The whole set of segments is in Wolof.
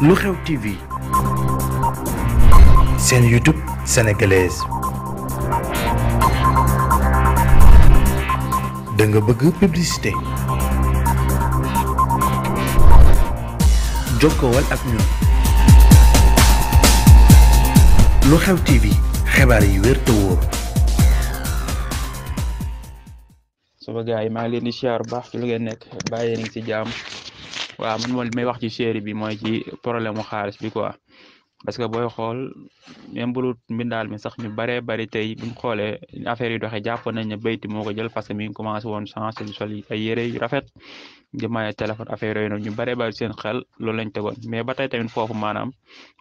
lu xew TV seen YouTube sénégalaise da bëgg publicité jokkowal ak ñun lu xew TV xibaar yi wér te wóor. sama gars maa ngi leen di siyaar baax ci lu ngeen nekk bàyyi nañ ci jaam. waaw man moom li wax ci série bi mooy ci problème mu xaalis bi quoi parce que booy xool même bu daal mi sax ñu baree bari tey buñ xoolee affaire yi doxee jàpp nañ ne bayti moo ko jël parce que mi ngi commencé woon changé lu sol ay yére yu rafet di maye téléphone affaire yooyu noonu ñu baree bari seen xel loolu lañ tegoon mais ba tey tamit foofu maanaam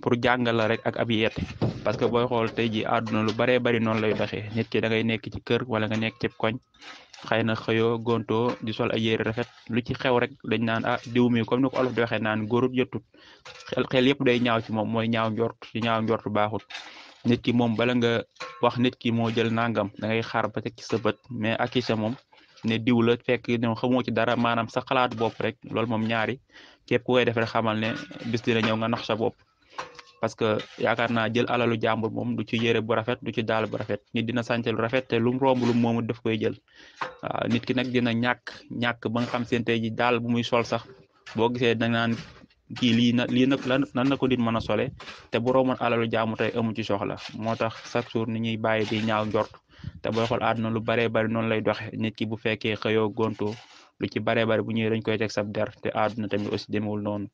pour jàngal la rek ak ab yeete parce que booy xool tey ji àdduna lu baree bari noonu lay doxee nit ki da ngay nekk ci kër wala nga nekk ci koñ. xëy na xëyoo gonto di sol ay yére rafet lu ci xew rek dañ naan ah diw mi comme ni ko olof di waxee naan góorut jotut xel xel yëpp day ñaaw ci moom mooy ñaaw njort ci ñaaw njort baaxut nit ki moom bala nga wax nit ki moo jël nangam da ngay xaar ba teg ci sa bët mais ak sa moom ne diw la fekk ñoom xamoo ci dara maanaam sa xalaat bopp rek loolu moom ñaari képp ku koy def rek xamal ne bis dina ñëw nga nax sa bopp. parce que yaakaar naa jël alalu jàmbur moom du ci yére bu rafet du ci daal bu rafet nit dina sànce lu rafet te lum romb lum moomu daf koy jël nit ki nag dina ñàkk ñàkk ba nga xam seen tey ji daal bu muy sol sax boo gisee da naan kii lii na lii nag lan nan na ko nit mën a sole te bu romboon alalu jàmbur tey amu ci soxla moo tax chaque jour ni ñuy bàyyi di ñaaw njort te booy xool àdduna lu baree bari noonu lay doxe nit ki bu fekkee xëyoo gontoo lu ci baree bari bu ñëwee dañ koy teg sab der te àdduna tamit aussi demewul noonu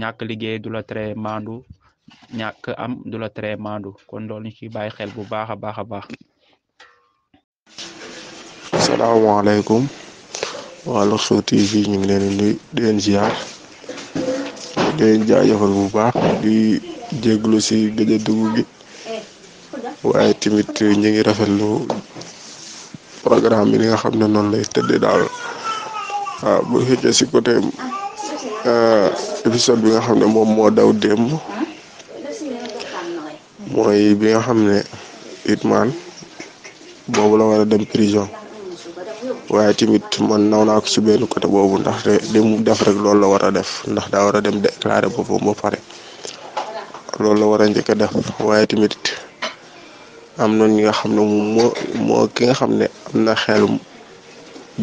ñàkk liggéey du la tere maandu ñàkk am du la tere maandu kon loolu ñu ci bàyyi xel bu baax a baax a baax asalaamaaleykum waa Louxew TV ñu ngi leen di di leen ziar di leen jaajëfal bu baax di jéglu si gëj a dugg gi waaye tamit ñu ngi rafetlu programme bi li nga xam ne noonu lay tëddee daal waaw bu fekkee si côté euh, épisode nga xam ne moom moo daw démb mooy bi nga xam ne itmaan boobu la war a dem prison waaye tamit man naw naa ko ci côté boobu ndax de mu def rek loolu la war a def ndax daa war a dem déclaré boppam ba pare loolu la war a njëkk a def waaye tamit am na ñi nga xam ne moo ki nga xam ne am na xelum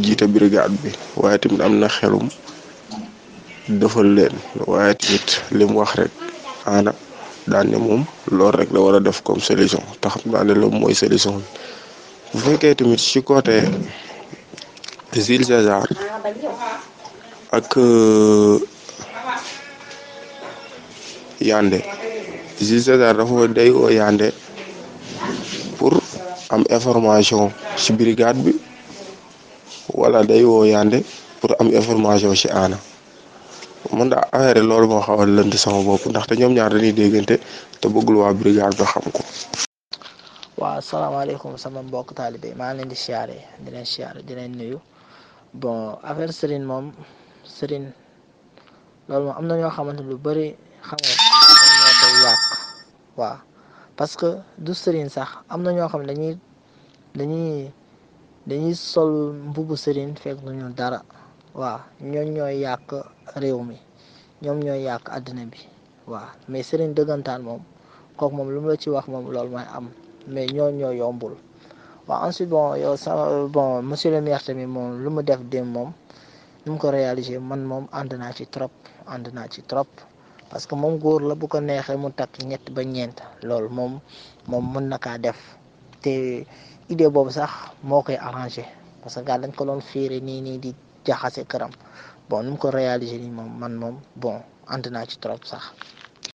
jiite brigade bi waaye tamit am na xelum defal leen waaye tamit li wax rek ana daan ne moom loolu rek la war def comme solution te xam naa ne solution bi bu fekkee tamit ci côté Jules César ak euh, Yandé Jules César dafa day oo Yandé pour am information ci brigade bi wala day woo Yandé pour am information ci Ana man daa affaire loolu moo xaw a lënd sama bopp ndaxte ñoom ñaar dañuy déggante te bëggul waa brigade ba xam ko. waaw salaamaaleykum sama mbokk taalibe maa ngi leen di siyaare di leen di leen nuyu bon affaire Serigne moom Serigne loolu moom am na ñoo xamante lu bari xam nga ñoo koy yàq waaw parce que du Serigne sax am na ñoo xam dañuy dañuy dañuy sol mbubu fek fekk ñoo dara. waaw ñoom ñooy yàq réew mi ñoom ñooy yàq àddina bi waaw mais sëriñ dëggantaan moom kook moom lu ma la ci wax moom loolu mooy am mais ñoo ñoo yombul waaw ensuite bon yow sama bon monsieur le maire tamit moom lu mu def dem moom num ko réaliser man moom ànd naa ci trop ànd ci trop parce que moom góor la bu ko neexee mu takk ñett ba ñeent loolu moom moom mën na kaa def te idée boobu sax moo koy arrangé parce que dañ ko doon fiire nii nii di jaxase këram bon nu mu ko réalisé nii moom man moom bon ànd naa ci trop sax